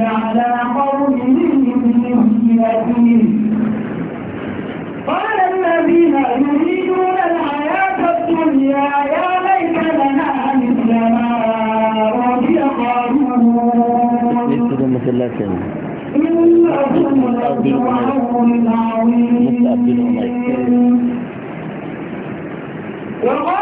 على قومه مهزلين قال الذين يريدون الحياة الدنيا يا ليت لنا مثل ما أوتي قارون إنهم الأرض عظيم وقال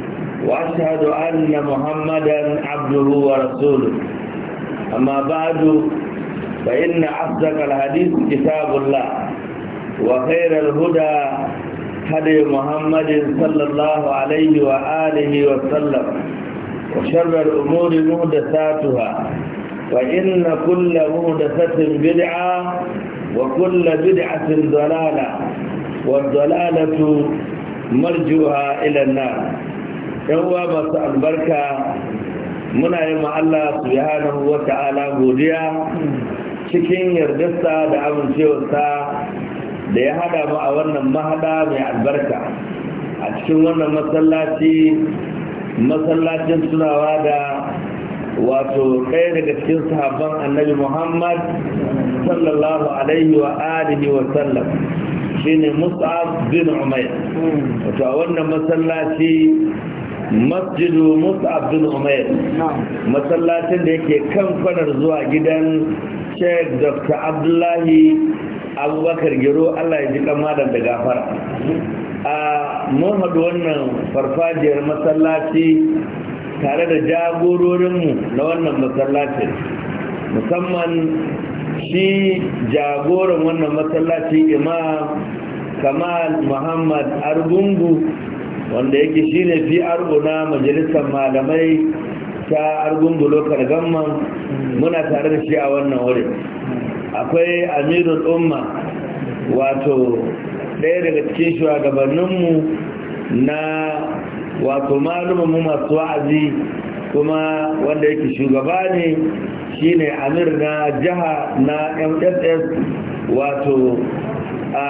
وأشهد أن محمدا عبده ورسوله أما بعد فإن أصدق الحديث كتاب الله وخير الهدى هدي محمد صلى الله عليه وآله وسلم وشر الأمور مهدساتها فإن كل مهدسة بدعة وكل بدعة ضلالة والضلالة مرجوها إلى النار yan uwa masu albarka muna yi Allah hannun wa ta'ala godiya cikin yardarsa da amincewarsa da ya hada mu a wannan mahada mai albarka a cikin wannan masallaci masallacin tunawa da wato ɗaya daga cikin sahabban annabi muhammad sallallahu alaihi wa alihi wa sallam shine mus'ab bin umayr wato a wannan masallaci masjidu Musa Abdul Umar, masallacin da yake kan kwanar zuwa gidan sheikh dr abdullahi abubakar gero allah ya ji kamadan da gafara a mun haɗu wannan farfajiyar masallaci tare da jagororinmu na wannan masallacin musamman shi jagoran wannan masallaci imam kamal muhammad argungu wanda yake ne fi arguna majalisar malamai ta argun bulokar gamman muna tare da shi a wannan wurin akwai amirul umma wato ɗaya daga cikin shugabanninmu na wato malumanmu masu wa'azi kuma wanda yake shugaba ne shi ne amir na jiha na mss wato a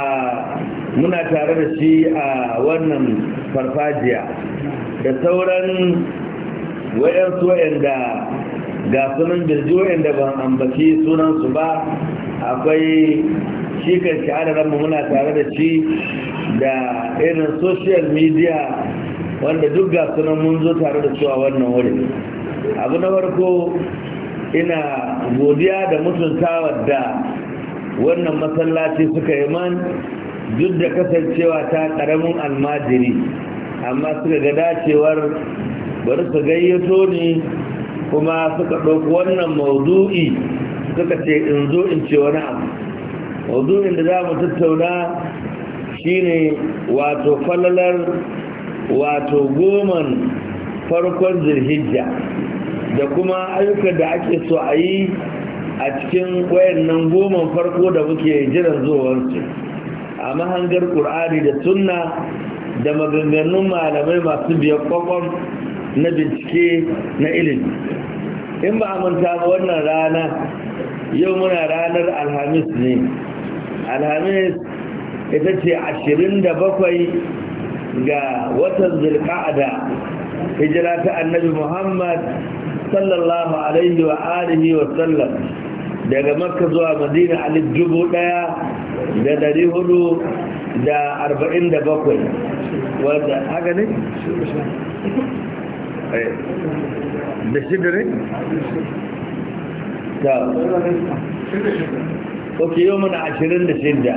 muna tare da shi a wannan farfajiya da sauran wayansu wayanda ga sunan birji wayanda ban ambaci sunansu ba akwai shi kan sha'adarar muna tare da shi da irin social media wanda duk ga sunan mun zo tare da su a wannan wuri abu na farko ina godiya da mutuntawa da wannan masallaci suka yi man duk da kasancewa ta karamin almajiri amma suka ga dacewar bari su gayyato ni kuma suka ɗauki wannan maudu'i suka ce in zo in ce wani abu maudu'in da za mu tattauna shine wato falalar wato goman farkon zirhijja da kuma ayyukan da ake so a yi a cikin wayannan goman farko da muke jiran zuwarsu a mahangar ƙur'ani da sunna da maganganun malamai masu biyar kwakwan na bincike na ilimi in ba a manta ba wannan rana yau muna ranar alhamis ne alhamis ita ce ashirin da bakwai ga watan zulka'ada hijira ta annabi muhammad sallallahu alaihi wa alihi wa sallam daga makka zuwa madina alif dubu daya da dari hudu da arba'in da bakwai wadda haka ne? Eh, da shidirin? ta ok yau muna ashirin da shidda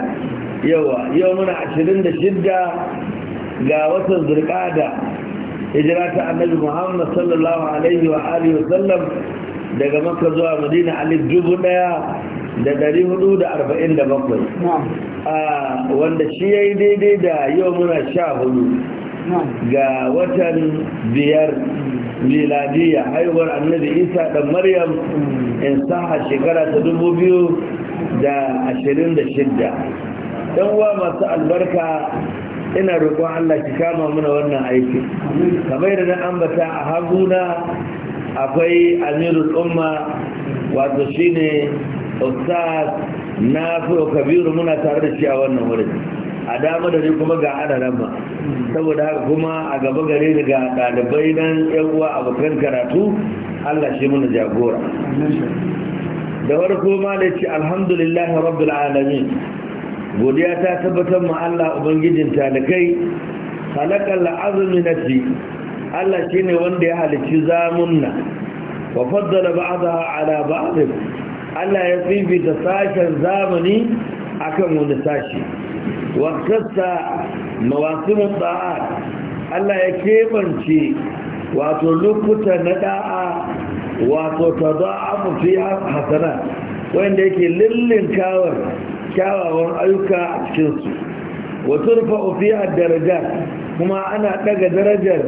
yawa yau muna ashirin da shidda ga watan zirkada hijira ta annabi muhammad sallallahu alaihi wa alihi wasallam daga makka zuwa madina alif dubu daya da ɗari hudu da arba'in da bakwai wanda shi ya yi daidai da yau muna sha hudu ga watan biyar miladiya haihuwar annabi isa da maryam mm. in saha shekara ta dubu biyu da ashirin da shidda don wa masu albarka ina roƙon allah ki kama muna wannan aiki kamar da na ambata a haguna akwai amirul umma wato shine ustaz na fi kabiru muna tare da shi a wannan wurin a dama da ni kuma ga adaran ba. saboda haka kuma a gaba gare da ga ɗalibai nan yan uwa abokan karatu Allah shi muna jagora da farko ma da ce alhamdulillah rabbil alamin godiya ta tabbatar ma Allah ubangijin halakar la'azumi na nafsi Allah shi ne wanda ya halicci zamunna wa faddala ba'daha ala ba'd Allah ya fifita sashen zamani akan wani sashi wakasta mawasimin matsa'a Allah ya kebance wato lokuta na da'a wato ta za'a mafi hasana wanda yake lullin kawar kyawawan ayyuka a cikinsu wato rufa a daraja kuma ana ɗaga darajar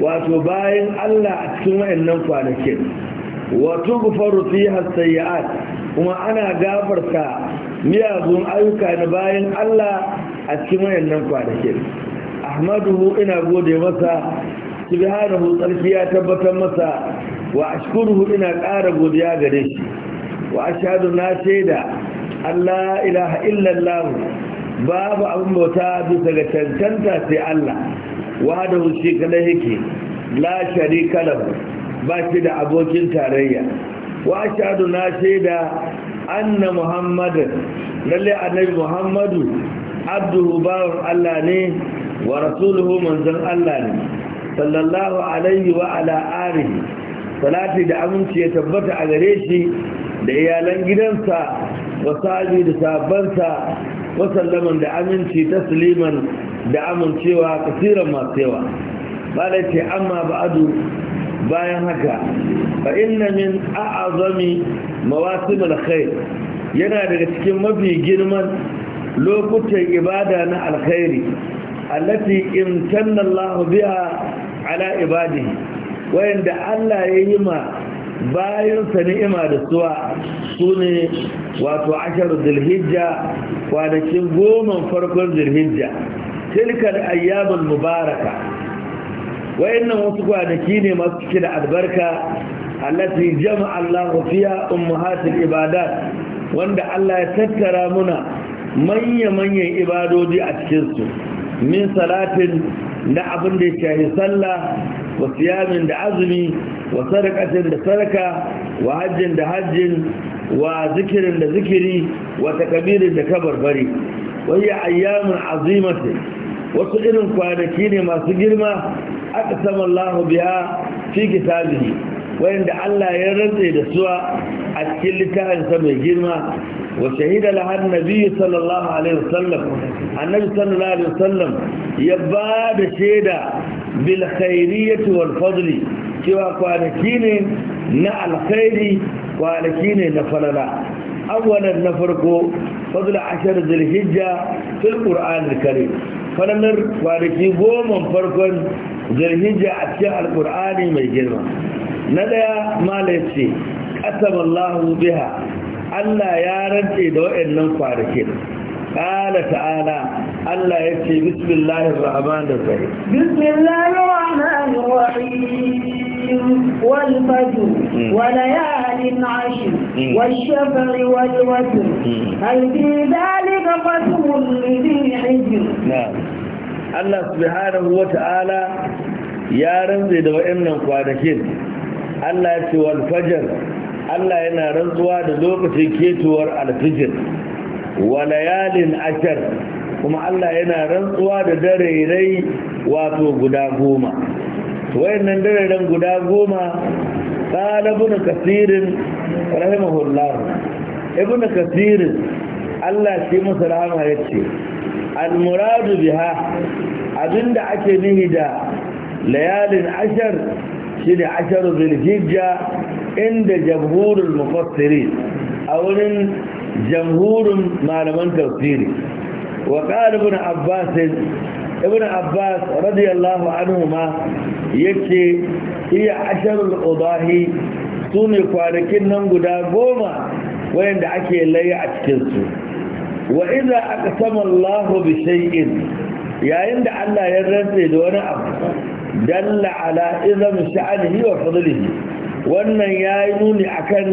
wato bayan Allah a cikin wayannan kwanakin wato gufaru fiha sayyi'at kuma ana gafarta miyagun ayyuka na bayan Allah a cikin wayannan kwanakin ahmaduhu ina gode masa subhanahu tsarki ya tabbatar masa wa ashkuruhu ina ƙara godiya gare shi wa ashhadu na shaida Allah ilaha babu abin bauta bisa ga cancanta sai Allah wahdahu shi kadai yake la sharika lahu ba shi da abokin tarayya wa shaɗu na shaida anna Muhammadu, lalle annabi muhammadu abduhu bawan allah ne wa rasuluhu manzon allah ne sallallahu alaihi wa ala alihi salati da aminci ya tabbata a gare shi da iyalan gidansa wa sabi da sahabbansa wa sallaman da aminci tasliman da amincewa kasiran masu yawa ba da amma ba'adu bayan haka fa inna min a'azami mawasimul alkhair yana daga cikin mafi girman lokutan ibada na alkhairi allati imtanna Allah biha ala ibadihi wayanda Allah ya yi ma bayansa ni'ima da suwa sune wato ashar zulhijja kwanakin goma farkon zulhijja tilkar ayyamul mubaraka wayannan wasu kwanaki ne masu cike da albarka allati jama Allah fiya ummahatul ibadat wanda Allah ya tattara muna manya-manyan ibadoji a cikin su min salatin da abin da ya sallah wa siyamin da azumi wa sadaqatin da sadaka wa hajjin da hajjin wa zikirin da zikiri wa takabirin da kabarbari wa hiya ayyamun azimatin wasu irin kwanaki ne masu girma aqsama Allahu biha fi kitabihi wanda Allah ya rantse da su a cikin littafin sa mai girma wa shahida la annabi sallallahu alaihi wasallam annabi sallallahu alaihi wasallam ya ba da shaida bil khairiyati wal fadli cewa kwanaki ne na alkhairi kwanaki ne na falala awwalan na farko fadla ashar hijja, fil qur'an al karim falalar kwanaki goma farkon zulhijja a cikin alkur'ani mai girma na daya malai ce kasaballahu biha Allah ya rance da waɗannan kwanakin qala ta'ala Allah ya ce bismillahir rahmanir rahim bismillahir rahmanir rahim wal fajr hmm. wa layalin ashr hmm. wal shafr wal watr hmm. hal fi Allah subhanahu wa ta'ala ya rantsa da wayannan kwanakin Allah ya ce wal fajr Allah yana rantsuwa da lokacin ketuwar alfijir wa layalin ashar kuma Allah yana rantsuwa da dare rai wato guda goma wayannan dare ran guda goma qala ibn kathir rahimahullah ibn kathir Allah shi masa rahama yace almuradu biha abinda ake nihi da layalin ashar shine ne zulhijja inda jamhurin mufassiri a wurin jamhurin malaman tafsiri wa ibn abbas ibn abbas radiyallahu anhu ma yake iya asharul udahi su ne kwanakin nan guda goma wayanda ake laye a cikinsu wa idza aqsama Allahu bi shay'in yayin da Allah ya rantse da wani abu dalla ala izam sha'anihi wa fadlihi wannan yayi nuni akan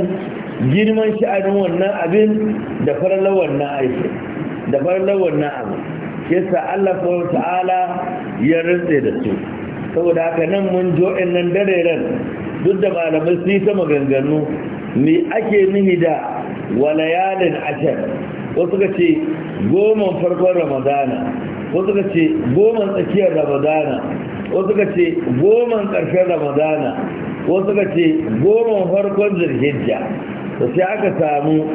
girman sha'anin wannan abin da farallar wannan aiki da farallar wannan abu yasa Allah ta'ala ya rantse da su saboda haka nan mun jo nan dareren duk da malamai su yi ta maganganu me ake nihi da walayalin ashar wasu suka ce goma farkon ramadana wasu suka ce goma tsakiyar ramadana wasu suka ce goma ƙarshen ramadana wasu suka ce goma farkon zirhijja da sai aka samu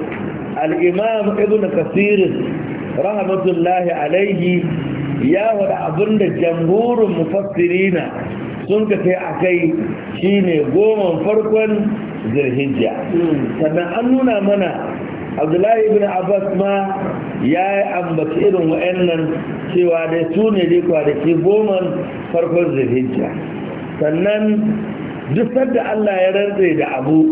al'imam ibn kasirin rahmatullahi alaihi ya wada abin da jamhurin mufassirina sun ka kai a kai shine goma farkon zirhijja hmm. sannan an nuna mana abdullahi ibn abbas ma ya ambaci irin wa'annan cewa dai su ne da ke goman farkon zulhijja sannan duk da allah ya rantse da abu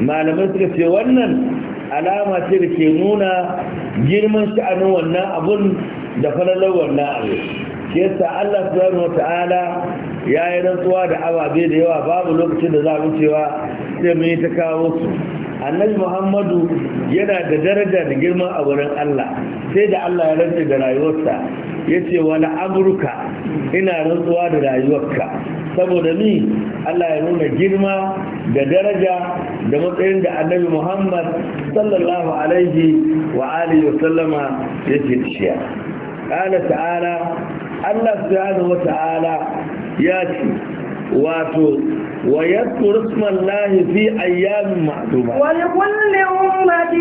malamai suka ce wannan alama ce da ke nuna girman sha'anin wannan abun da falalar wannan abu yasa allah subhanahu wa ta'ala ya yi rantsuwa da ababe da yawa babu lokacin da za mu cewa sai mun yi ta kawo su annabi muhammadu yana da daraja da girma a wurin allah sai da allah ya rantse da rayuwarsa ya ce wani amurka ina rantsuwa da rayuwarka saboda ni allah ya nuna girma da daraja da matsayin da annabi muhammad sallallahu alaihi wa alihi wa sallama ya da shiya قال تعالى الله سبحانه واتو ويذكر اسم الله في ايام معدومه ولكل امه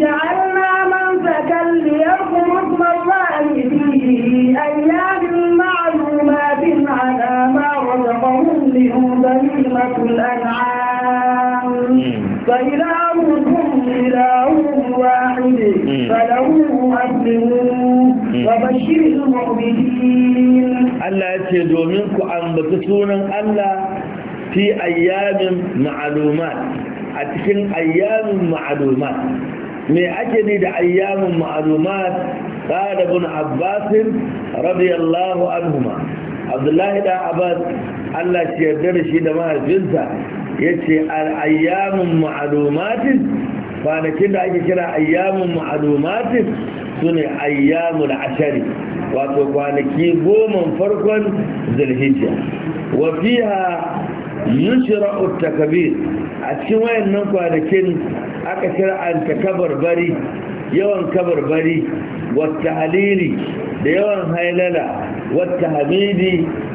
جعلنا منزكا ليذكر اسم الله في ايام معدومات على ما رزقهم لهم بهيمه الانعام فالهكم اله واحد فله اسلموا وبشر المؤمنين Allah ya ce domin ku ambaci sunan Allah fi ayyamin ma'alumat a cikin ayyamin ma'alumat me ake ni da ayyamin ma'alumat qala ibn abbas radiyallahu anhuma abdullahi da abbas Allah shi yarda da shi da mahaifinsa yace al-ayyamun ma'lumatin kwanakin da ake kira ayyamun ma'lumatin sune ayyamul ashari wato kwanaki goma farkon zulhijja wa fiha yushra'u takbir a cikin wayannan kwanakin aka shar'anta kabarbari yawan kabarbari wata halili da yawan hailala wata hamidi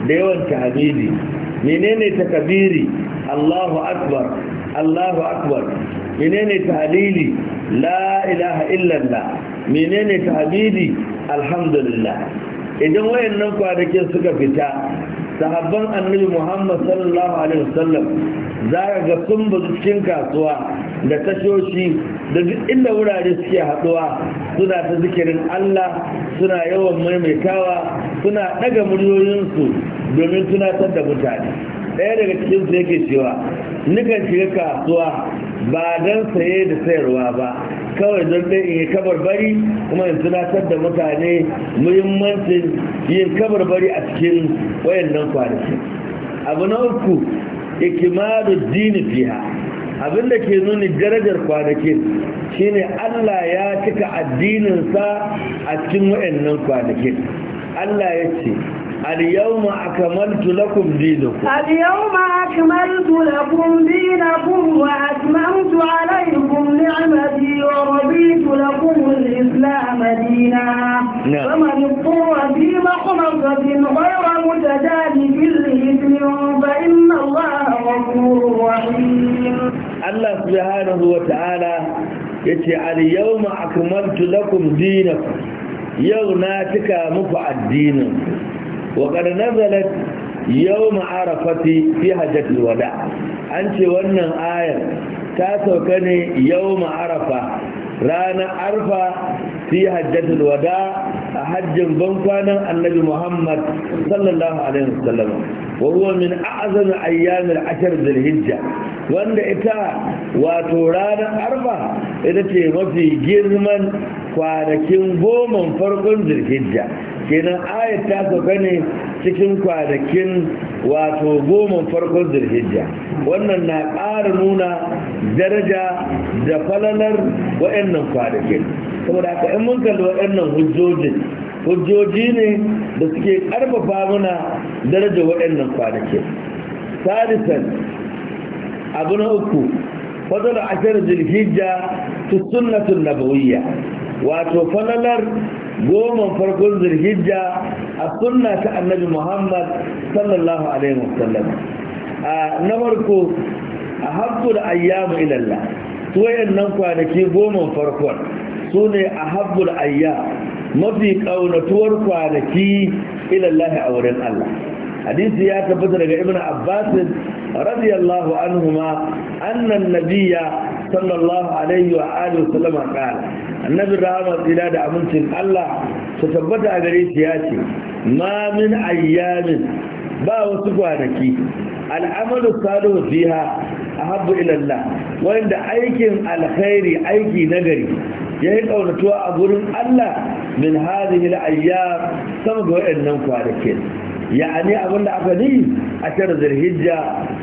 da yawan tahmidi menene takabiri Allahu akbar Allahu akbar menene tahlili la ilaha illallah menene tahmidi alhamdulillah idan wayannan kwanakin suka fita sahabban annabi muhammad sallallahu alaihi wasallam za ka ga sun bazu cikin kasuwa da tashoshi da duk inda wurare suke haɗuwa suna ta zikirin allah suna yawan maimaitawa suna ɗaga muryoyinsu domin tunatar da mutane ɗaya daga cikin su yake cewa nukan shiga kasuwa ba don saye da sayarwa ba kawai don dai in yi kabar bari kuma in tunatar da mutane muhimmancin yin kabar bari a cikin nan kwanaki abu na uku ikimaru dini fiha abinda ke nuni darajar kwanakin shine Allah ya cika addininsa a cikin wayannan kwanakin Allah ya ce اليوم أكملت لكم دينكم اليوم أكملت لكم دينكم وأتممت عليكم نعمتي ورضيت لكم الإسلام دينا نعم. فمن اضطر في محمصة غير في الإثم فإن الله غفور رحيم الله سبحانه وتعالى يتي اليوم أكملت لكم دينكم يوم ناتك مفع الدين وقد نزلت يوم عرفة في حجة الوداع أنت ونن آية تاسوكني يوم عرفة رانا عرفة في حجة الوداع حج بنقانا النبي محمد صلى الله عليه وسلم وهو من أعظم أيام العشر ذي الهجة وأن إتا وتورانا عرفة إذا تيما في جرما kwanakin goma farkon zirhijja kenan ayat ta sauka ne cikin kwanakin wato goma farkon zulhijja wannan na ƙara nuna daraja da falalar waɗannan kwanakin saboda haka in mun kalli waɗannan hujjojin hujjoji ne da suke ƙarfafa mana daraja waɗannan kwanakin sadisan abu na uku fadar ashirin zulhijja ta sunnatun nabawiyya wato falalar goma farkon zirhijja a sunna ta annabi muhammad sallallahu alaihi wasallam na farko a da ayyamu ilallah su nan kwanaki goma farkon su ne a da ayyamu mafi ƙaunatuwar kwanaki ilallahi a wurin allah hadisi ya tabbata daga ibn abbasin radiyallahu anhuma annan nabiyya sallallahu alaihi wa alihi wa sallama qala annabi rahama tsira da amincin Allah su tabbata a gare shi ya ce ma ba wasu kwanaki al'amalu salihu fiha ahabbu ila Allah wanda aikin alkhairi aiki nagari yayi kaunatuwa a gurin Allah min hadhihi al-ayyam sama da waɗannan kwanakin ya'ani abin da aka ni a tara zulhijja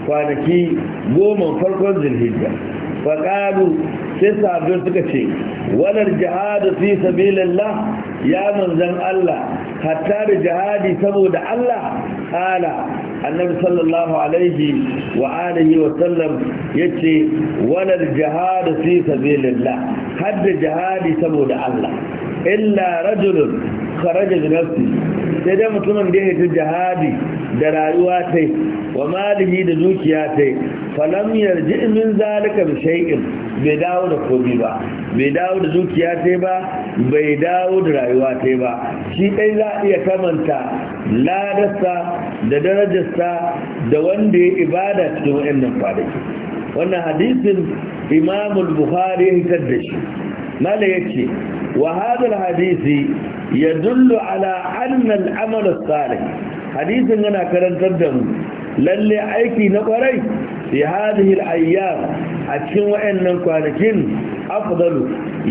kwanaki goma farkon zulhijja faƙaru sai sabbin suka ce walar jihadu fi sabilillah ya manzan Allah hatta da jihadi saboda Allah ala annabi sallallahu alaihi wa alihi wa sallam yace walar jihadu fi sabilillah hadda jihadi saboda Allah illa rajulun kharaja bi nafsihi sai dai mutumin da ya ta jihadi da rayuwa ta wa malihi da dukiya ta falam yarji min zalika bi shay'in bai dawo da komai ba bai dawo da dukiya ta ba bai dawo da rayuwa ta ba shi dai za iya kamanta ladarsa da darajarsa da wanda ya ibada cikin wa'annan kwanaki wannan hadisin imamul bukhari ya hitar da shi mala yace wa hadal hadisi yadullu ala anna al-amal as-salih hadisin yana karantar da mu lalle aiki na kwarai fi hadhihi al-ayyam a cikin wayannan kwanakin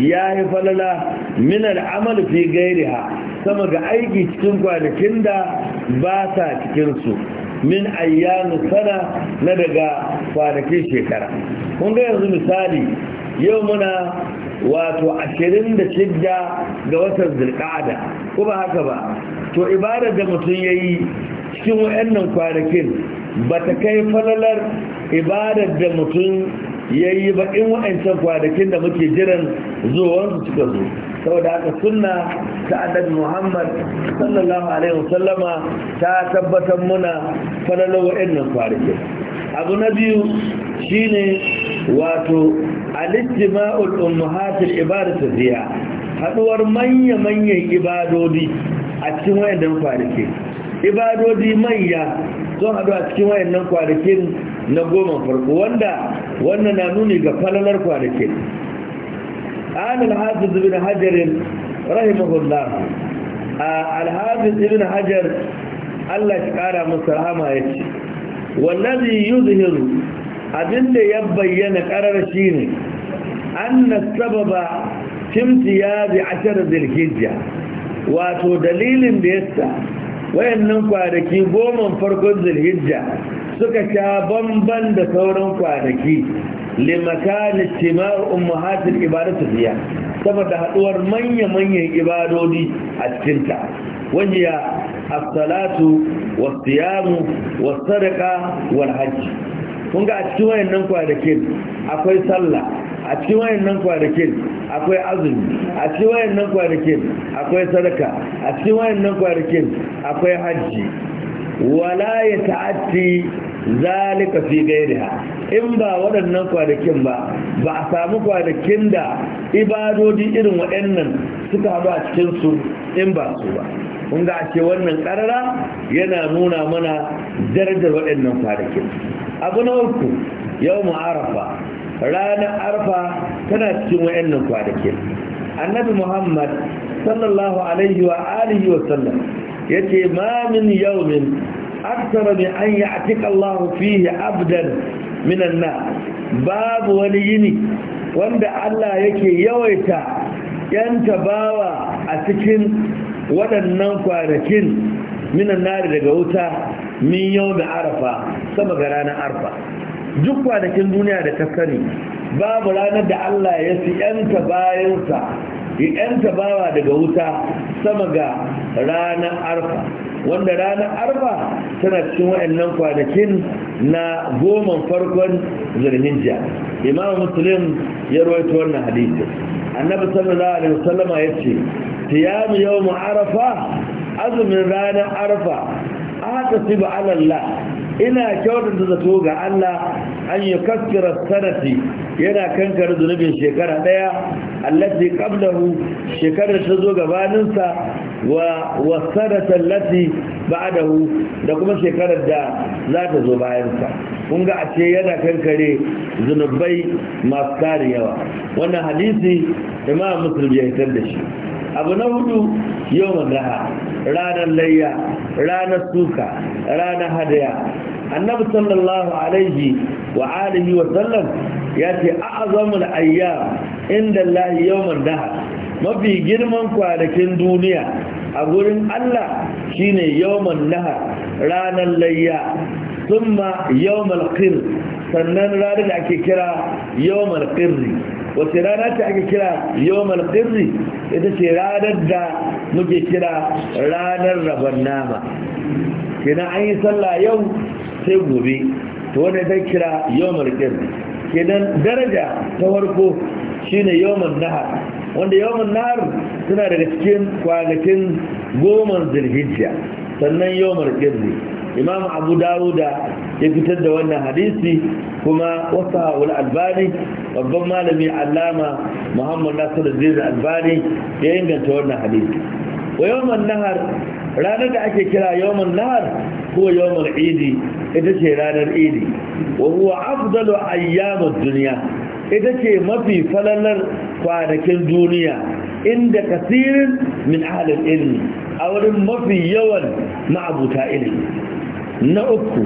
ya yayi falala min al-amal fi ghayriha sama ga aiki cikin kwanakin da ba sa cikin su min ayyamu sana na daga kwanakin shekara kun ga yanzu misali yau muna wato ashirin da shidda ga watan zulƙada ko ba haka ba to ibadar da mutum ya yi cikin wa'annan kwanakin ba ta kai falalar ibadar da mutum ya yi ba in wa'ancan kwanakin da muke jiran zuwansu cika zo saboda haka sunna ta annabi muhammad sallallahu alaihi wasallama ta tabbatar muna falalar wa'annan kwanakin abu na biyu ne wato al-ijtima'ul ummahatil ibadatu ziya haduwar manya manyan ibadodi a cikin wayan don kwanaki ibadodi manya don haɗuwa a cikin wayan don kwanakin na goma farko wanda wannan na nuni ga falalar kwanakin an al-hafiz ibn hajar rahimahullah al-hafiz ibn hajar Allah ya kara masa rahama yace wallazi yuzhiru abinda ya bayyana karar shine anna sababa timtiyazi ashar zulhijja wato dalilin da yasa wayannan kwanaki goma farkon zulhijja suka sha bamban da sauran kwanaki limakan istima'u ummahatil ibadatu fiya saboda haduwar manya-manyan ibadodi a cikinta وهي الصلاة والصيام والصدقة والحج kun ga a cikin da kwanakin akwai sallah a cikin wayannan kwanakin akwai azumi a cikin wayannan kwanakin akwai sadaka a cikin wayannan kwanakin akwai hajji wala ya ta'atti zalika fi gairiha in ba waɗannan kwanakin ba ba a samu kwadakin da ibadodi irin waɗannan suka haɗu a cikin su in ba su ba kun ga ce wannan karara yana nuna mana darajar waɗannan kwanakin abu na uku yau mu arafa ranar arfa tana cikin waɗannan kwanakin annabi muhammad sallallahu alaihi wa alihi wa sallam ma min yawmin min an ya'tika Allah fihi abdan min na babu wani yini wanda Allah yake yawaita yanta bawa a cikin waɗannan kwanakin minan nari daga wuta min yau da arafa sama ga ranar arfa duk kwanakin duniya da ta sani babu ranar da allah ya fi yanta bayansa yanta bawa daga wuta sama ga ranar arfa wanda ranar arfa tana cikin waɗannan kwanakin na goma farkon zirninja imam muslim ya rawaito wannan hadisi annabi sallallahu alaihi wasallama ya ce siyamu yau arafa azumin ranar arafa aka siba alallah ina kyautata zato ga Allah an yi sanati yana kankar zunubin shekara daya allati qablahu shekarar ta zo gabaninsa wa wasanata allati ba'dahu da kuma shekarar da za ta zo bayansa kun ga a ce yana kankare zunubai masu tarin yawa wannan hadisi imam muslim ya hitar da shi abu na hudu yau mazaha ranar layya ranar suka ranar hadaya annabi sallallahu alaihi wa alihi wa sallam ya ce a'azamul ayyam inda Allah yawman mafi girman kwanakin duniya a gurin Allah shine yawman nahar ranar layya thumma yawmal qir sannan ranar da ake kira yawmal qirri wace rana ta ake kira Yomar qirri ita ce ranar da muke kira ranar rabon nama kenan an yi sallah yau sai gobe Ta wanda ta kira Yomar qirri kenan daraja ta farko shine yawmal nahar wanda yawmal nahar suna daga cikin kwanakin goma zulhijja sannan Yomar qirri imam abu dawuda ya fitar da wannan hadisi kuma wasa wani albani babban malami allama muhammad nasiru zai albani ya inganta wannan hadisi wa yawon nahar ranar da ake kira yawan nahar ko yawan idi ita ce ranar idi wa huwa afdalu ayyamud duniya ita ce mafi falalar kwanakin duniya inda kasirin min ahalin ilmi a wurin mafi yawan ma'abuta ilmi na uku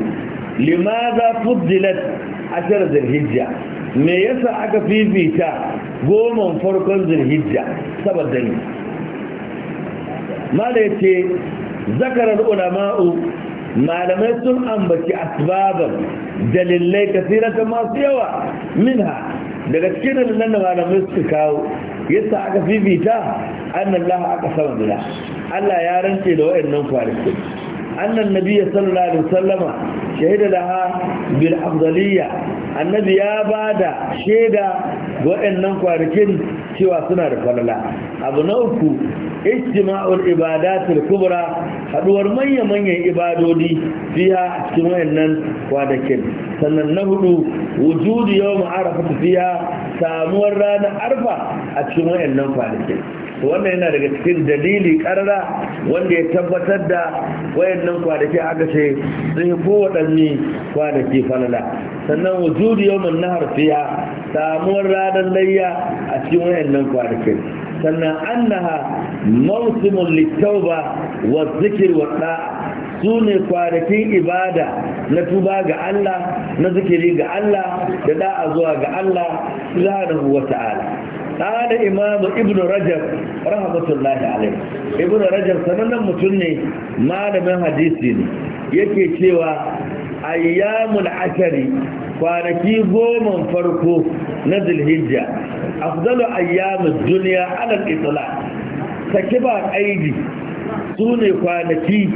limaza fuddilat ashar zulhijja me yasa aka fifita goman farkon zulhijja saboda ne mala ce, zakarar ulama'u malamai sun ambaci asbaban dalilai kasirata masu yawa minha daga cikin dalilan da malamai suka kawo yasa aka fifita annallaha aka sama Allah ya rance da wayannan kwanaki أن النبي صلى الله عليه وسلم شهد لها بالأفضلية النبي يا بعد شهد وإنهم كواركين سوى سنة فللا أبنوك اجتماع العبادات الكبرى haduwar manya-manyan ibadodi a cikin wayannan kwanakin sannan na hudu wujudu yau ma'arafa fiya samuwar ranar arfa a cikin wayannan kwanakin wannan yana daga cikin dalili karara wanda ya tabbatar da wayannan kwanaki aka ce sun yi kowaɗanni kwanaki falala sannan wujudu yawmin na harfiya, samuwar ranar layya a cikin wayannan kwanaki sannan mausimun littau ba wa zikir wa ɗa su ne kwanakin ibada na tuba ga Allah na zikiri ga Allah da da'a zuwa ga Allah subhanahu wa ta'ala قال امام ابن رجب رحمه الله عليه ابن رجب سنن متن ما لم حديثين yake cewa ayyamul ashari kwanaki goma farko na zulhijja afdalu ayyamud dunya ala itlaq saki ba aidi su ne kwanaki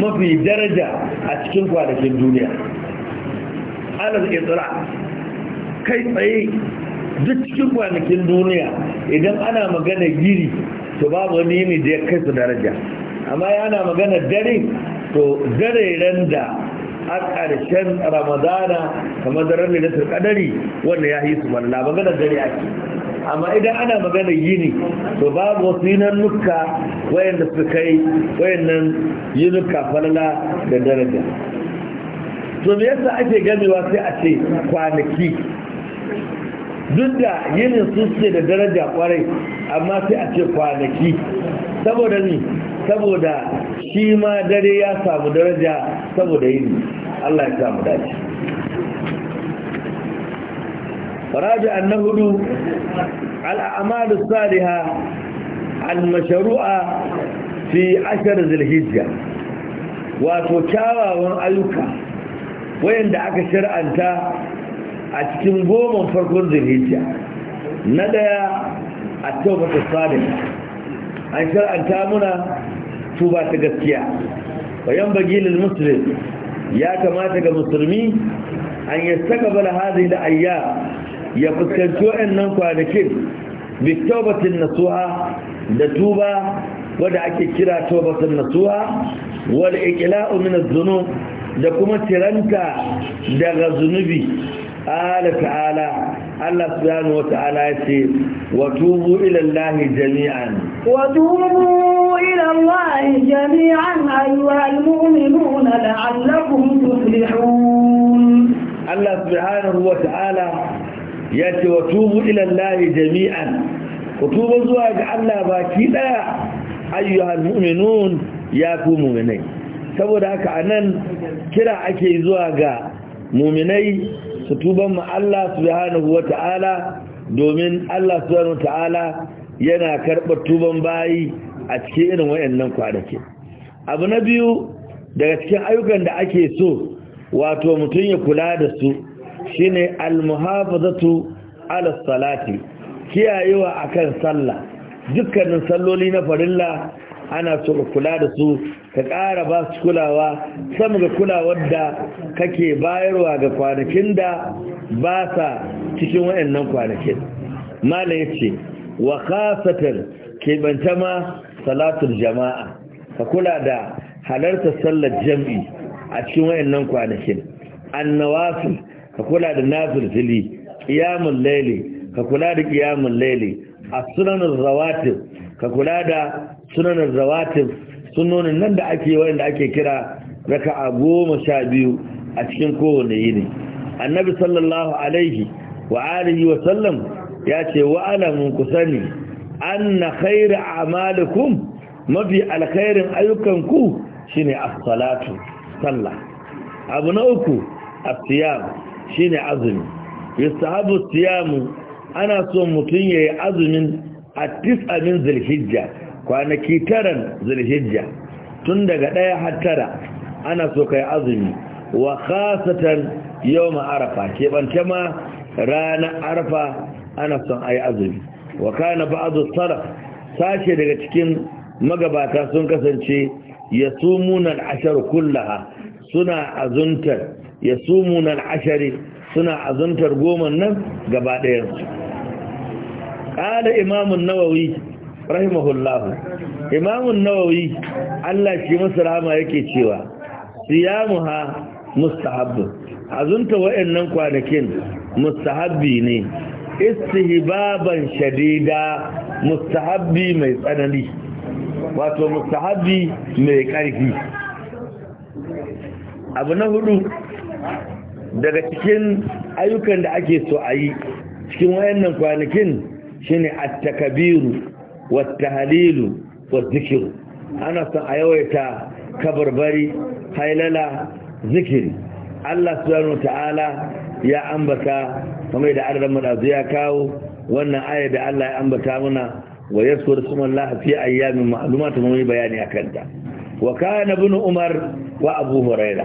mafi daraja a cikin kwanakin duniya ala itla kai tsaye duk cikin kwanakin duniya idan ana magana giri to babu wani yini da ya kai su daraja amma yana magana dare to dare ran da a ƙarshen ramadana kamar daren da ta kadari wanda ya yi su na magana dare ake amma idan ana magana yini to babu wasu yinan nuka wayanda su kai wayannan yinuka falala da daraja to me yasa ake gamewa sai a ce kwanaki duk da yinin su suke da daraja kwarai amma sai a ce kwanaki saboda ni saboda shi ma dare ya samu daraja saboda yini Allah ya samu dace faraja an na hudu al'amalu saliha al-mashru'a fi ashar zulhijja wato kyawawan ayyuka wayanda aka shar'anta a cikin goma farkon zulhijja na daya a taubata sadin an shar'anta muna tuba ta gaskiya bayan bagilin musulun ya kamata ga musulmi an yi bala hazi da ayya ya fuskanci waɗannan kwanakin bitaubatin nasuha da tuba wadda ake kira taubatin nasuha wadda ikila'u min zunub da kuma tiranta daga zunubi qala ta'ala Allah subhanahu wa ta'ala yace wa tubu ila Allah jami'an wa tubu ila Allah jami'an ayyuhal mu'minuna la'allakum tuflihun Allah subhanahu wa ta'ala ya ce wa tubu ila Allah jami'an ku tuba zuwa ga Allah baki daya ayyuhal mu'minun ya ku mu'minai saboda haka anan kira ake zuwa ga mu'minai su tuban mu Allah subhanahu ta'ala domin Allah subhanahu ta'ala yana karɓar tuban bayi a cikin irin wayannan kwanaki abu na biyu daga cikin ayyukan da ake so wato mutum ya kula da su shine almuhafazatu ala salati kiyayewa akan sallah dukkanin salloli na farilla ana so ka kula da su ka ƙara ba su kulawa sama ga kulawar da kake bayarwa ga kwanakin da ba sa cikin waɗannan kwanakin mala ya ce wa khasatan keɓanta ma salatul jama'a ka kula da halartar sallar jam'i a cikin waɗannan kwanakin annawasu ka kula da nazirfili ƙiyamun laili ka kula da ƙiyamun laili a sunanin rawatin ka kula da sunanan zawatin sunonin nan da ake wanda ake kira raka'a goma sha biyu a cikin kowane yini annabi sallallahu alaihi wa alihi wa sallam ya ce wa alamun ku sani anna khairu a'malikum mafi alkhairin ayyukanku shine as-salatu sallah abu na uku siyam shine azumi yustahabu as-siyam ana so mutun yayi azumin at-tis'a min zulhijja kwanaki taran zulhijja tun daga ɗaya har tara ana so kai azumi wa khasatan yawma Ke keɓance ma ranar arfa ana son ayi azumi wa kana ba'adu sarf sashe daga cikin magabata sun kasance ya sumunan kullaha suna azuntar ya ashari suna azuntar goma nan gaba ɗayansu ƙada imamun nawawi rahimahullah imamun nawawi Allah ki masa rahama yake cewa siyamuha mustahabbu azunta wayannan kwanakin mustahabbi ne istihbaban shadida mustahabbi mai tsanani wato mustahabbi mai karfi abu na hudu daga cikin ayyukan da ake so a yi cikin wayannan kwanakin shine at-takbiru wata halilu wa zikiru ana son a yawaita kabarbari hailala zikiri Allah subhanahu ta'ala ya ambata kamar da adadin madazu ya kawo wannan aya da Allah ya ambata mana. wa yaskur sumallahi fi ayyamin ma'lumatun mun bayani a ta wa kana umar wa abu huraira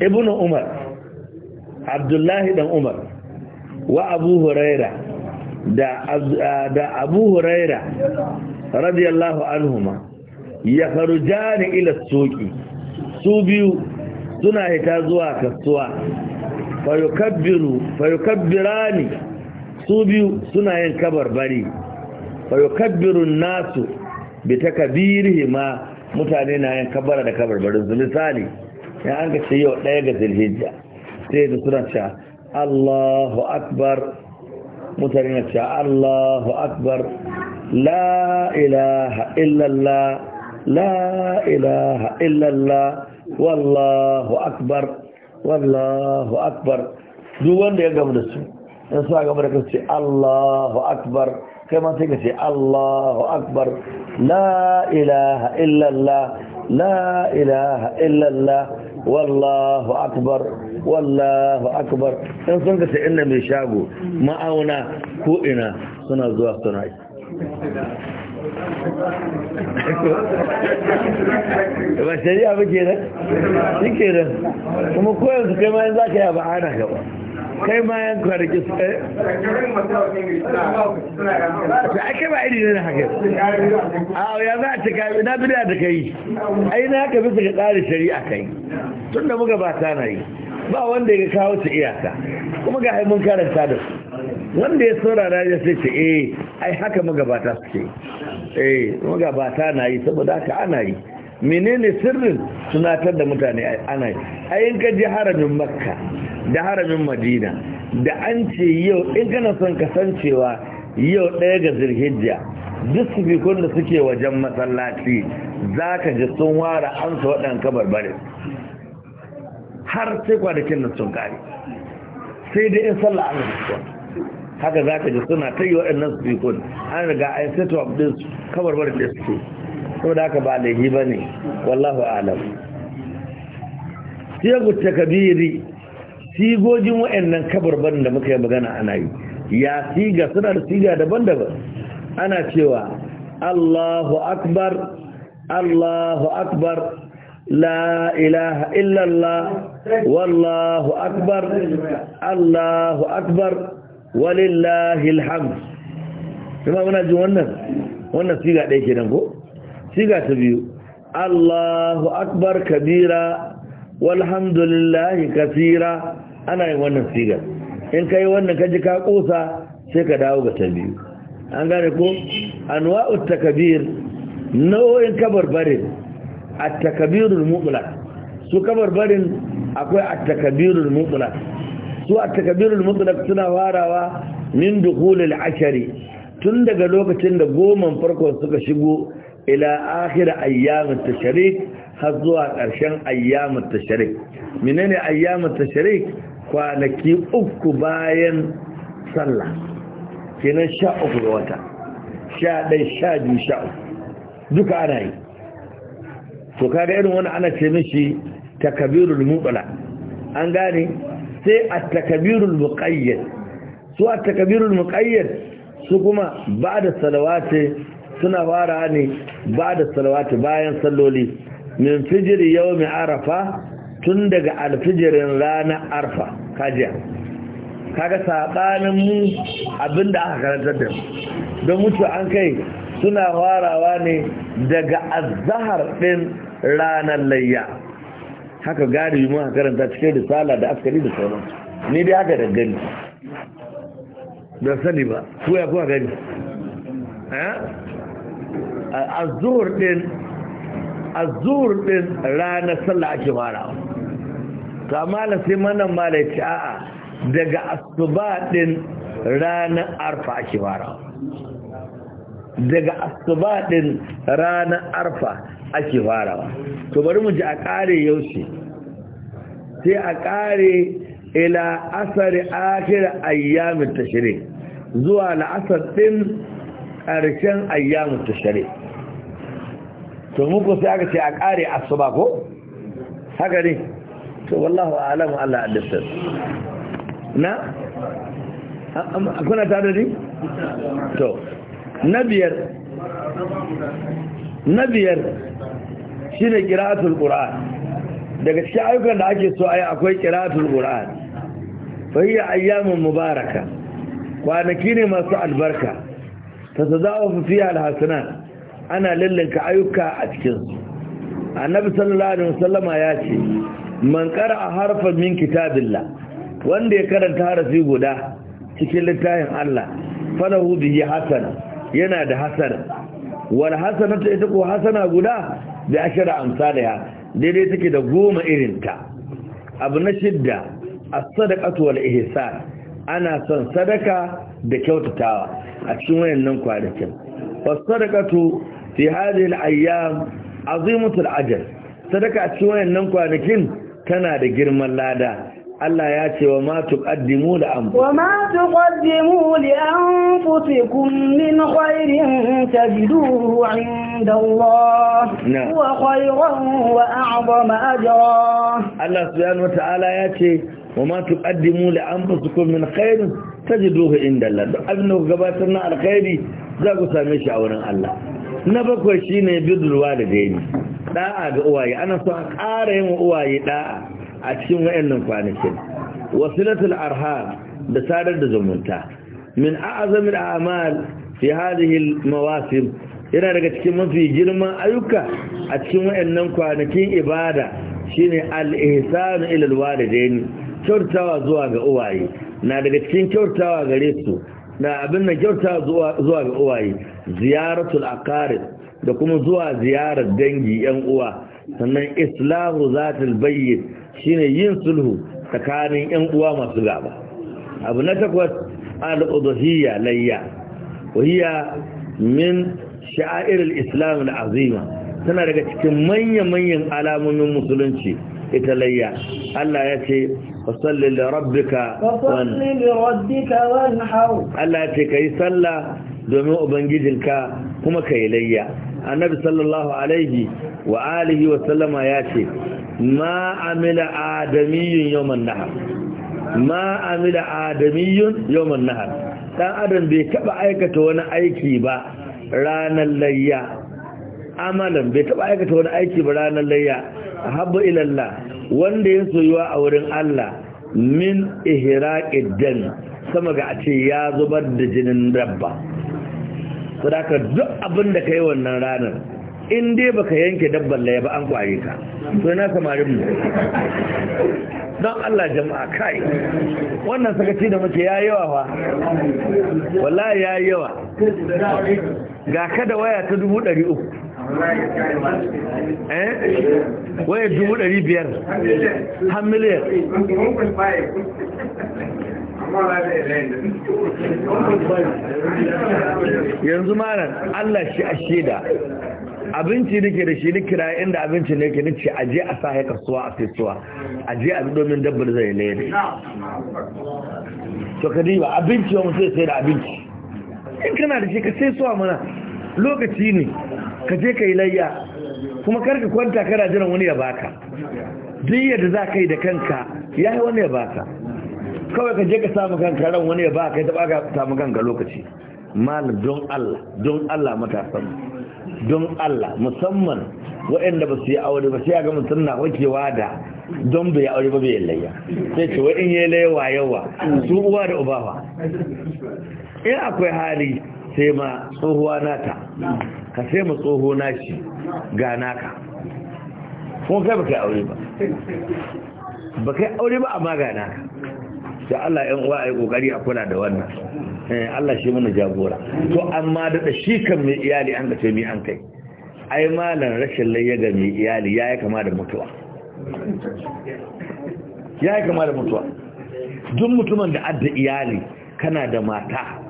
ibn umar abdullahi dan umar wa abu huraira da abu huraira radiyallahu anhuma ya faruja jani ila soki su biyu suna hita zuwa kasuwa fayukabbira ne su biyu suna yin kabarbari fayukabbirun nasu bi ta kabirihi ma mutane na yin kabara da kabarbarinsu misali ya an ga ce yau ɗaya ga zilhijja sai da suna sha allahu akbar mutane na cewa Allahu akbar la ilaha illallah la ilaha illallah wallahu akbar wallahu akbar duk wanda ya gama da su in sa gama da ka ce Allahu akbar kai ma sai ka ce Allahu akbar la ilaha illallah la ilaha illallah wallahu akbar wallahu akbar in sun kace inda mai shago ma'auna ko ina suna zuwa suna yi ba shari'a ba ke nan? shi ke nan kuma koyar su kai ma yin za ka yi ba ana gaba kai ma yan kwanaki su ɗaya eh. ake ba iri ne na hake. a ya za a ce ka na bida da kai ai na haka bisa ga tsarin shari'a kai tun da muka ba ta na yi ba wanda ya kawo ta iyaka kuma ga haimun karanta da su wanda ya saurara ya sai ce eh ai haka magabata suke eh magabata na yi saboda haka ana yi menene sirrin tunatar da mutane ana A ka ji haramin makka da haramin madina da an ce yau in kana son kasancewa yau ɗaya ga zirhijja duk su da suke wajen masallaci za ka ji sun ware amsa waɗannan kabarbarin har sai kwanakin nan sun kare sai dai in sallah an rasuwa haka za ka ji suna ta yi waɗannan su kun. an riga a yi abu ɗin kabar kabarbarin da suke saboda haka ba laifi ba ne wallahu alam siyagu takabiri sigojin wa'annan kabarban da muka yi magana ana yi ya siga suna da siga daban-daban ana cewa Allahu akbar Allahu akbar la ilaha illallah wallahu akbar Allahu akbar walillahi alhamd kuma muna ji wannan wannan siga ɗaya nan ko siga ta biyu Allahu akbar kabira walhamdulillahi kasira ana yin wannan siga in kai wannan kaji ka kusa sai ka dawo ga ta biyu an gane ko anwa'ut Takabir nau'in kabarbarin at takabirul mutlaq su kabarbarin akwai at takabirul mutlaq su at takabirul mutlaq suna warawa min dukhulil ashari tun daga lokacin da goman farko suka shigo ila akhir ayyamin tashrik har zuwa ƙarshen ayyamin tashrik menene ayyamin tashrik kwanaki uku bayan sallah kenan sha uku ga wata sha ɗai sha sha duka ana yi to kaga irin wani ana ce mishi takabirul mubala an gane sai a takabirul muqayyad su a takabirul muqayyad su kuma ba da salawati suna fara ne ba da salwati bayan salloli min fijiri yau mai arafa tun daga alfijirin ranar arfa kajiya kaga saɓanin mu da aka karantar da don mutu an kai suna farawa ne daga azahar ɗin ranar layya haka gari yi mun karanta cikin risala da askari da sauran. ni dai haka da gani don sani ba ku ya kuwa gani eh? azur din azur din ranar sallah ake fara to amma la sai manan malai a daga asuba din ranar arfa ake fara daga asuba din ranar arfa ake farawa to bari mu ji a kare yaushe sai a kare ila asari akhir ayyamin tashrik zuwa la'asar din karshen ayyamin tashrik to muku sai aka ce a kare asuba ko haka ne to wallahu alamu Allah addabtar na kuna tare ne to na biyar shi ne kira'atul ƙura'an daga cikin ayyukan da ake so ai akwai Al-Qur'an. ƙura'an fahiyar ayyamin mubaraka kwanaki ne masu albarka ta su za'a fi fiye alhassanan ana lallanka ayyuka a cikin su. annabi sallallahu alaihi wasallama ya ce man qara'a harfan min kitabillah wanda ya karanta harfi guda cikin littafin Allah falahu bihi hasana yana da hasana wal hasanatu ita ko hasana guda da ashara amsaliha daidai take da goma irin ta abu na shidda as-sadaqatu wal ihsan ana son sadaka da kyautatawa a cikin wayannan kwanakin was-sadaqatu fi hadhihi al sadaka a cikin wayannan kwanakin tana da girman lada Allah ya ce wa ma tuqaddimu li anfusikum wa ma tuqaddimu li anfusikum min khairin tajiduhu 'inda Allah huwa khayran wa a'zama ajra Allah subhanahu wata'ala ya ce wa ma tuqaddimu li anfusikum 'inda gabatar na alkhairi za ku same shi a wurin Allah na bakwai shine bidulwa da jeni da'a ga uwaye ana so a ƙara yin uwaye da'a a cikin wayannan kwanakin wasilatul arha da sadar da zumunta min a'azamil a'mal fi hadhihi al-mawasim yana daga cikin mafi girman ayyuka a cikin wa'annan kwanakin ibada shine al Al'isanu ila al-walidaini kyautawa zuwa ga uwaye na daga cikin kyautawa gare su da abin da kyauta zuwa ga uwaye ziyaratul aqarib da kuma zuwa ziyarar dangi yan uwa sannan islahu zatul bayyin shine yin sulhu tsakanin yan uwa masu gaba abu na takwas al-udhiyya layya wahiya min sha'air al-islam al-azima tana daga cikin manya-manyan alamomin musulunci ita layya Allah ya ce fasalli li rabbika fasalli li rabbika Allah ya ce ka yi sallah domin ubangijinka kuma ka yi layya annabi sallallahu alaihi wa alihi wa sallama ya ce ma amila adamiyyun yawman nahar ma amila adamiyyun yawman nahar dan adam bai taba aikata wani aiki ba ranar layya amalan bai taba aikata wani aiki ba ranar layya ahabba ilalla wanda ya soyuwa a wurin Allah min ihraqid dan sama ga a ce ya zubar da jinin dabba sadaka duk abin da kai wannan ranar in dai baka yanke dabban laye ba an kware ka to na samarin mu don Allah jama'a kai wannan sakaci da muke ya yawa fa wallahi ya yawa ga kada waya ta dubu ɗari uku eh dubu ɗari biyar yanzu malam Allah shi a shida abinci nake da shi ni kira inda abinci ne ke nace aje a sahi kasuwa a fesuwa aje a domin dabbar zai ne ne to kadi ba abinci wa mutum sai da abinci in kana da shi ka sai suwa mana lokaci ne ka je ka yi layya kuma karka kwanta kana jiran wani ya baka duk yadda za ka yi da kanka ya yi wani ya baka kawai ka je ka samu kanka ran wani ya baka ya taba ka samu kanka lokaci malam don Allah don Allah matasan don Allah musamman waɗanda ba su yi aure ba sai ga mutum na wakewa da don bai aure ba bai layya sai ce wa in yi layya yawa su uwa da ubawa. in akwai hali sai tsohuwa nata ka ma tsoho nashi ga naka kuma kai baka kai aure ba ba kai aure ba amma ga naka da Allah ya uwa a yi a kula da wannan eh, Allah shi mana jagora to amma da shi kan mai iyali an ce mai an kai ai malan rashin layya ga mai iyali ya yi kama da mutuwa ya yi kama da mutuwa duk mutumin da adda iyali kana da mata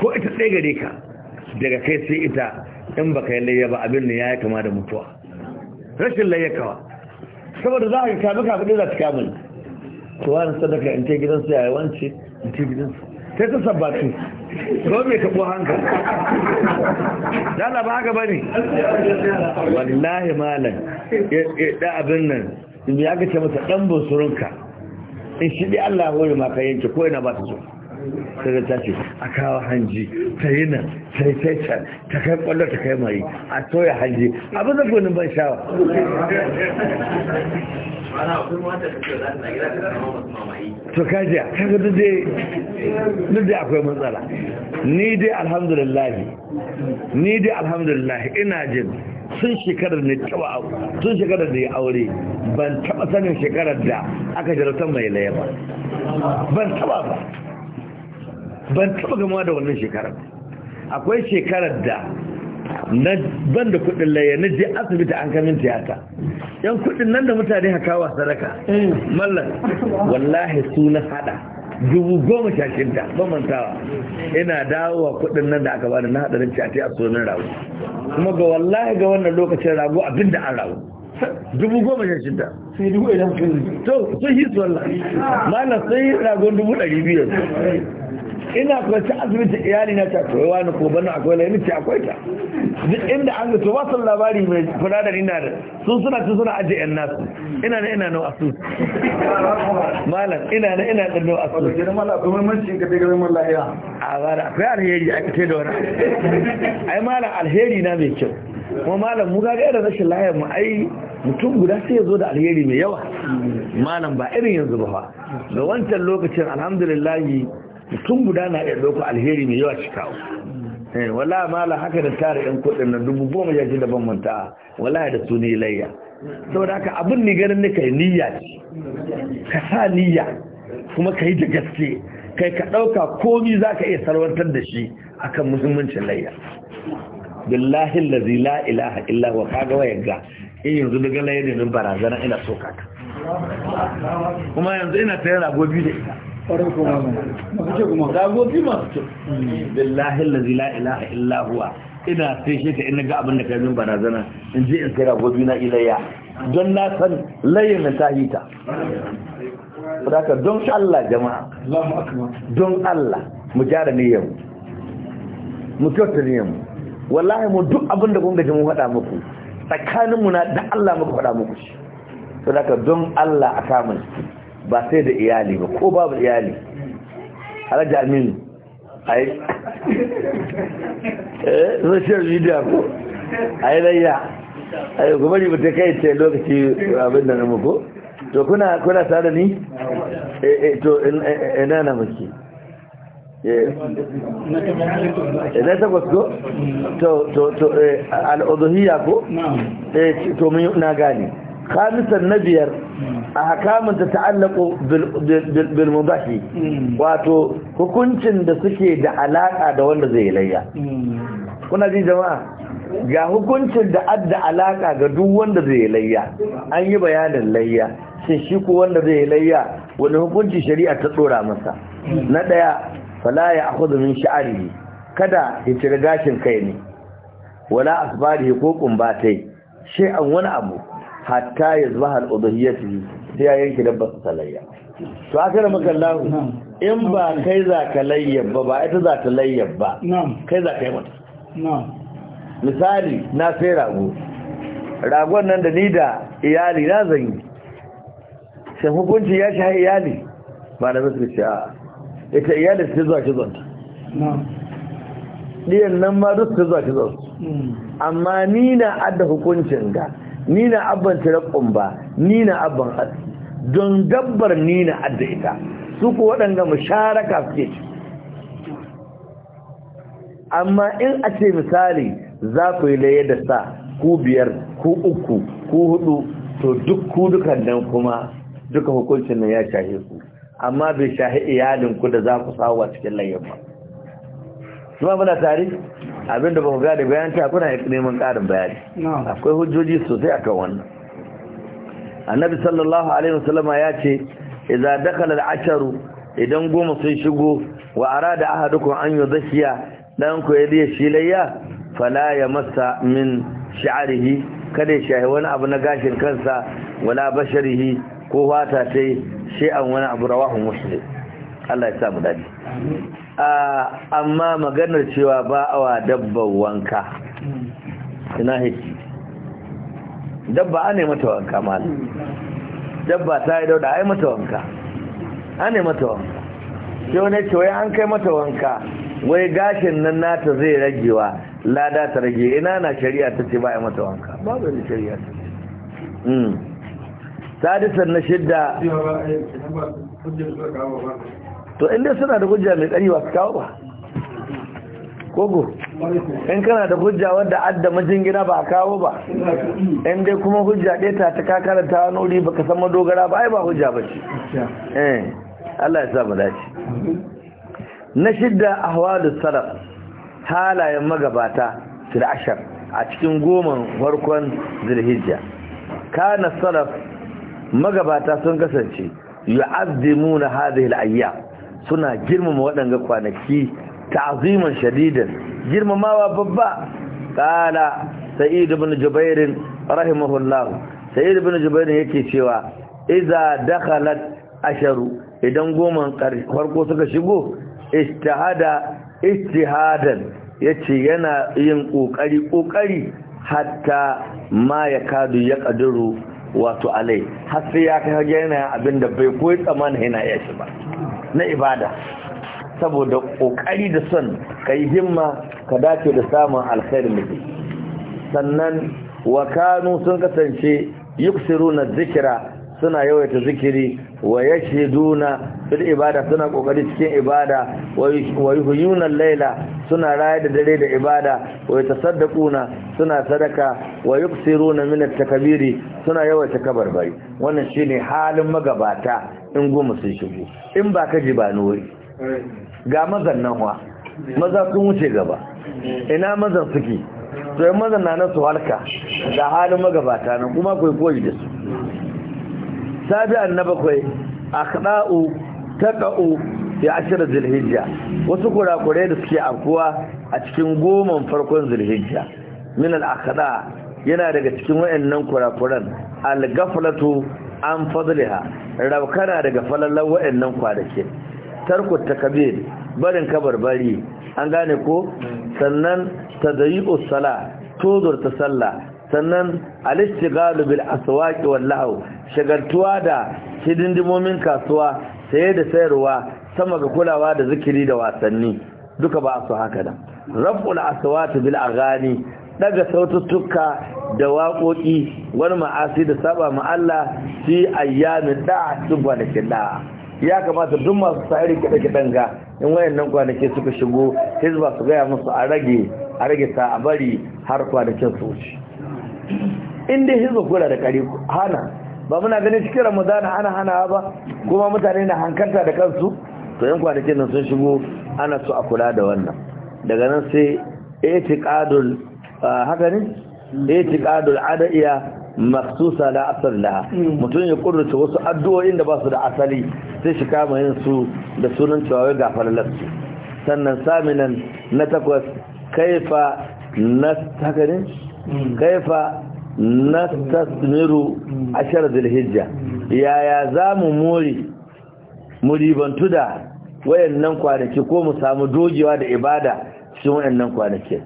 ko ita tsaye gare ka daga kai sai ita in ba ka yi layya ba abin da ya yi kama da mutuwa rashin layya kawa saboda za a ka kami kafin ɗin za ta kamun to wani sadaka in ce gidansu ya yi wance in ce gidansu sai ta sabbatu ko mai taɓo hankali na ba haka ba ne wallahi malam ya abin nan in ya gace masa ɗan bosurunka in shi bi allah hori maka yanki ko ina ba ta zuwa sai ta ce a kawo hanji ta yi nan ta yi ta can ta kai kwallo ta kai mai a toya hanji abin da gudun ban sha'awa to kajiya kaga duk dai akwai matsala ni dai alhamdulillah ni dai alhamdulillah ina jin sun shekarar ne taba sun shekarar da ya aure ban taba sanin shekarar da aka jarata mai laye ba ban taba ba ban taba gama da wannan shekarar akwai shekarar da na ban da kudin laye na je asibiti an kamin tiyata yan kudin nan da mutane hakawa sadaka eh. mallan wallahi su na hada dubu goma shashinta ban mantawa ina dawowa kudin nan da aka bani na hada cati a sunan rago kuma ga wallahi ga wannan lokacin rago abinda an rago dubu goma shashinta sai dubu idan to sai hisu su mallan sai ragon dubu ɗari biyu ina kwanci asibiti iyali na ta koyi wani ko bana akwai lai mace akwai ta duk inda an zato ba san labari mai kula da ina da sun suna tun suna aje yan nasu ina na ina nau asu malam ina na ina da nau asu wato gidan malam akwai muhimmanci ga daga mai lahiya a bara akwai alheri a kace da wani ai malam alheri na mai kyau kuma malam mu ga irin rashin lahiyar mu ai mutum guda sai ya zo da alheri mai yawa malam ba irin yanzu ba ga wancan lokacin alhamdulillah mutum guda na iya ɗauka alheri mai yawa shi kawo eh, wala mala haka da tara yan kuɗin na dubu goma ya da ban manta wala da su ne layya saboda haka abin ne ganin nika yi niyya ce ka sa niyya kuma ka yi da gaske kai ka ɗauka komi za ka iya sarwantar da shi akan muhimmancin layya billahi lazi la ilaha illa wa kaga wa in eh, yanzu daga layar da barazana ina so kaka kuma yanzu ina tare rago biyu da ita Hmm. la ilaha ina sai ka ina ga abin da kai min barazana in je in kai gobi na ilayya don na san layin na tahita saboda don Allah jama'a don Allah mu gyara niyyar mu kyautar niyyar mu wallahi mu duk abin da kun gaji mu faɗa muku tsakaninmu na da Allah muka faɗa muku shi saboda don Allah a mun ba sai da iyali ba ko babu iyali alhaji aminu a yi social media ko a yi layya a yi kuma ribu ta kai ce lokaci abin da namu ko. to kuna kuna tare ni to ina na muke ina ta kwasko to al'uduhiyya ko to na gani khamisan na biyar a hakamin ta ta'allaku bilmubashi wato hukuncin da suke da alaƙa da wanda zai layya kuna ji jama'a ga hukuncin da adda alaƙa ga duk wanda zai layya an yi bayanin layya shi shi ko wanda zai layya wani hukunci shari'a ta tsora masa na ɗaya fala ya akhudhu min sha'rihi kada ya cire gashin kai ne wala asbarihi ko kumbatai shay'an wani abu hatta ya zuba al'uduhiyyati sai ya yanke su salayya to aka rama lahu. in ba kai za ka layyab ba ba ita za ta layyab ba kai za ka yi mata misali na sai rago ragon nan da ni da iyali na zan yi shan hukunci ya shi iyali ba na zai ce a ita iyali su zuwa shi zonta ɗiyan nan ma duk su zuwa shi zonta hmm. amma ni na adda hukuncin ga ni na abban tirakkun ba ni na abban hatsi don dabbar ni na adda ita su ku waɗanda musharaka suke amma in a ce misali za ku yi laye da sa ku biyar ku uku ku hudu to duk ku dukan nan kuma duka hukuncin nan ya shahe ku amma bai shahe iyalinku da za ku sawa cikin layin ba kuma muna tari? abinda ba ku gane bayan ta kuna neman ƙarin bayani akwai hujjoji sosai akan wannan annabi sallallahu alaihi wasallama ya ce idza dakhala al-asharu idan goma sun shigo wa arada ahadukum an yudhiya dan ku yadi shilayya fala masa min sha'rihi kada ya shahi wani abu na gashin kansa wala basharihi ko fata tai an wani abu rawahu muslim Allah ya sa mu dadi amma maganar cewa ba awa dabba wanka ina hiki dabba ana mata wanka malu, dabba ta yi dauda ai mata wanka ana mata wanka sai wani ce wai an kai mata wanka wai gashin nan nata zai ragewa lada ta rage ina na shari'a ta ce ba a mata wanka babu da shari'a ta ce hmm. sadisar na shidda to inda suna da hujja mai tsari ba su kawo ba kogo in kana da hujja wadda adda majingina ba a kawo ba in kuma hujja ɗaya ta ta kakara ta wani ba ka san madogara ba ai ba hujja ba ce eh Allah ya sa dace na shidda da salaf halayen magabata fil ashar a cikin goma farkon zulhijja kana salaf magabata sun kasance yu'azzimuna hadhihi al-ayyam suna girmama waɗanga kwanaki aziman shadidan girmamawa babba kala sa'id ibn jubairin rahimahullah sa'id ibn jubairin yake cewa iza dakhalat asharu idan goma farko suka shigo istihada istihadan yace yana yin ƙoƙari-ƙoƙari, hatta ma ya kadu ya kaduru wato alai har sai ya kai yana abinda bai koyi tsamanin yana yashi ba na ibada saboda kokari da son ka himma ka dace da samun alkhairin miki sannan wa kanu sun kasance yuksiru na zikira suna yawaita zikiri wa yashiduna fil ibada suna kokari cikin ibada wa yuhyuna al-laila suna raya da dare da ibada wa yatasaddaquna suna sadaka wa yuksiruna min at takabiri suna yawaita kabarbari wannan shine halin magabata in goma sun shigo in ba ka ji ba nuri ga mazan nan wa maza sun wuce gaba ina mazan suke to yan mazan na nan su halka da halin magabata nan kuma koyi koyi da su sabi'an na bakwai ta taqa'u ya ashira zulhijja wasu kurakurai da suke afkuwa a cikin goman farkon zulhijja min al yana daga cikin wayannan kurakuran al-ghaflatu an fadliha raukana daga falalan wayannan kwanaki ta takbir barin Kabar-bari, an gane ko hmm. sannan tadayi'u sala tozurta sallah sannan al-ishtighalu bil aswaqi wal lahu shagaltuwa da hidindimomin kasuwa saye da sayarwa sama ga kulawa da zikiri da wasanni duka ba su haka da raf'ul aswati bil aghani daga saututtuka da waƙoƙi wani ma'asi da saba ma Allah fi ayyamin da'a cikin kwanakin da'a ya kamata duk masu sa'iri kiɗe kiɗan ga in wayannan kwanaki suka shigo hizba su gaya musu a rage a rage ta a bari har kwanakin su wuce in ya zo kula da kare hana ba muna ganin cikin ramadana ana hana ba kuma mutane na hankanta da kansu to yan kwanakin nan sun shigo ana su a kula da wannan daga nan sai itiqadul haka ne itiqadul adaiya maksusa la asal laha mutum ya kurrata wasu addu'o'in da ba su da asali sai shi kama yin su da sunan cewa ga su. sannan saminan na takwas kaifa na haka ne hmm. kaifa nastasmiru ashar zulhijja yaya za mu mori mu ribantu da nan kwanaki ko mu samu dogewa da ibada cikin wayan nan kwanaki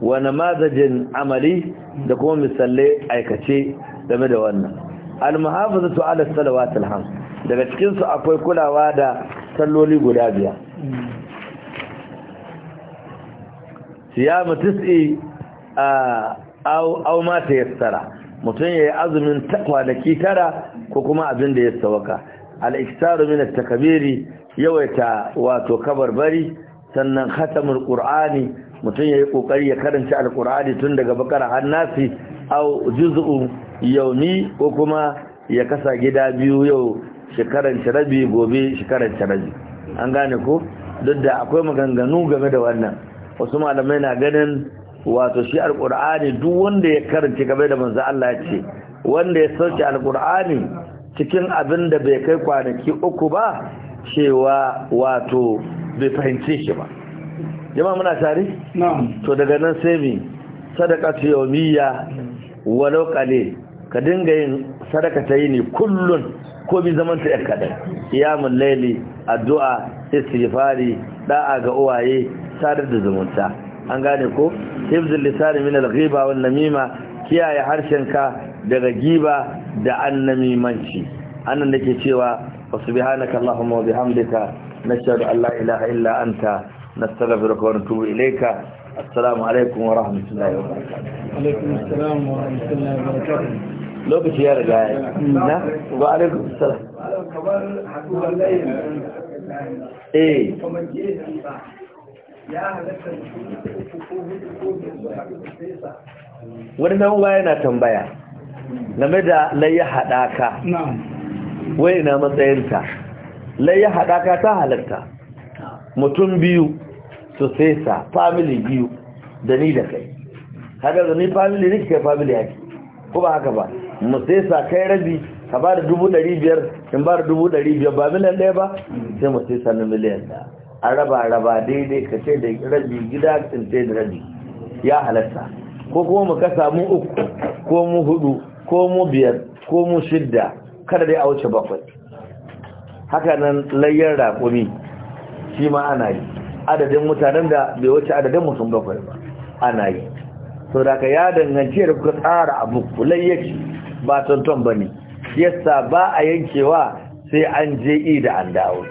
wani mazajin amali da kuma misalai aikace game da wannan almuhafazatu ala salawatul alham daga cikinsu akwai kulawa da salloli guda biya siyamu tis'i a au ma ta yassara mutum ya yi azumin kwanaki tara ko kuma abin da ya sawaka al'iktaru mina takabiri yawaita wato kabarbari sannan khatamul ƙur'ani, mutum ya yi ƙoƙari ya karanta alqur'ani tun daga bakar hannasi nasi au juz'u yawmi ko kuma ya kasa gida biyu yau shekaran rabi gobe shekaran rabi an gane ko duk da akwai maganganu game da wannan wasu malamai na ganin wato shi alqur'ani duk wanda ya karanta game da manzo Allah ya ce wanda ya sauke alqur'ani cikin abin da bai kai kwanaki uku ba cewa wato bai fahimce shi ba jama'a muna tare na'am to daga nan sai mi sadaka yawmiya walau qale ka dinga yin sadaka ta yi ne kullun ko bi zaman ta yar kadan qiyamul layli addu'a istighfari da'a ga uwaye sadar da zumunta an gane ko hifzul lisani min al-ghiba wan namima kiyaye harshenka daga giba da annamimanci annan nake cewa wa subhanaka allahumma wa bihamdika nashhadu an la ilaha illa anta nastaghfiruka wa natubu ilayka assalamu alaikum wa rahmatullahi wa barakatuh alaikum assalam wa rahmatullahi wa barakatuh lokaci ya riga ya na wa alaikum assalam eh ko wani nan uwa yana tambaya game da layya haɗaka wai na matsayinta layya haɗaka ta halatta mutum biyu su fesa family biyu da ni da kai haka da ni family ne kai family haki ko ba haka ba mu fesa kai rabi ka ba da dubu ɗari biyar in ba da dubu ɗari biyar ba miliyan ɗaya ba sai mu fesa na miliyan ɗaya a raba raba daidai ka ce da rabi gida tsince da rabi ya halatta ko kuma mu ka samu uku ko mu hudu ko mu biyar ko mu shidda kada dai a wuce bakwai haka nan layyar raƙumi shi ma ana yi adadin mutanen da bai wuce adadin mutum bakwai ba ana yi so da ka ya dangance da kuka tsara abu ce ba tonton ba ne yasa ba a yankewa sai an je i da an dawo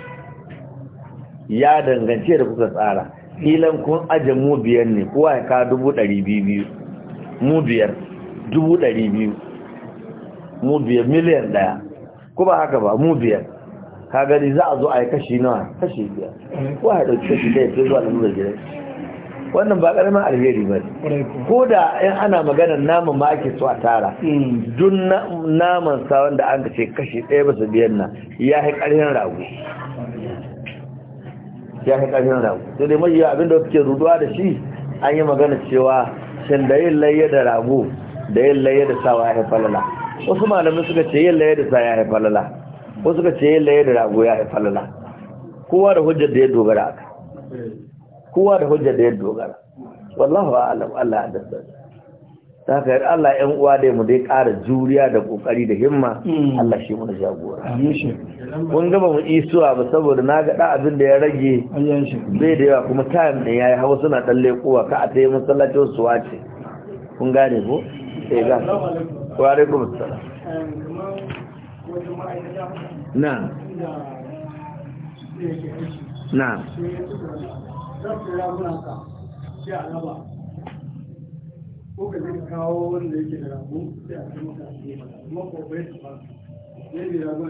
ya dangance da kuka tsara filan kun ajiye mu biyar ne kuwa ya ka dubu ɗari biyu mu biyar dubu ɗari biyu mu biyar miliyan ɗaya ko ba haka ba mu biyar ka gani za a zo a yi kashi nawa kashi biyar kuwa ya ɗauki kashi ɗaya sai zuwa lalura gidan wannan ba ƙaramin alheri ba ko da in ana maganar naman ma ake so a tara hmm. duk naman sa wanda an ce kashi ɗaya ba su biyan na ya yi ƙarfin rago ya fi ƙarfin rago sai dai majiya abinda suke ruduwa da shi an yi magana cewa shin da yin laye da rago da yin laye da sawa ya falala wasu malamai suka ce yin laye da sa ya falala wasu suka ce yin laye da rago ya falala kowa da hujjar da ya dogara aka kowa da hujjar da ya dogara wallahu a'lam Allah ya dasa. ta ka yi Allah ‘yan uwa dai mu dai ƙara juriya da ƙoƙari da himma mm. Allah shi muna jagora. Kun gaba mu isuwa ba saboda na ga abin da ya rage bai da yawa kuma tayin da ya yi hawa suna ɗan leƙuwa ka a ta masallacin su wace. Kun gane ko? sai eh, ga. Wa alaikum assalam. Na. Na. ko ka kawo wanda yake da sai a kai maka ko ne ne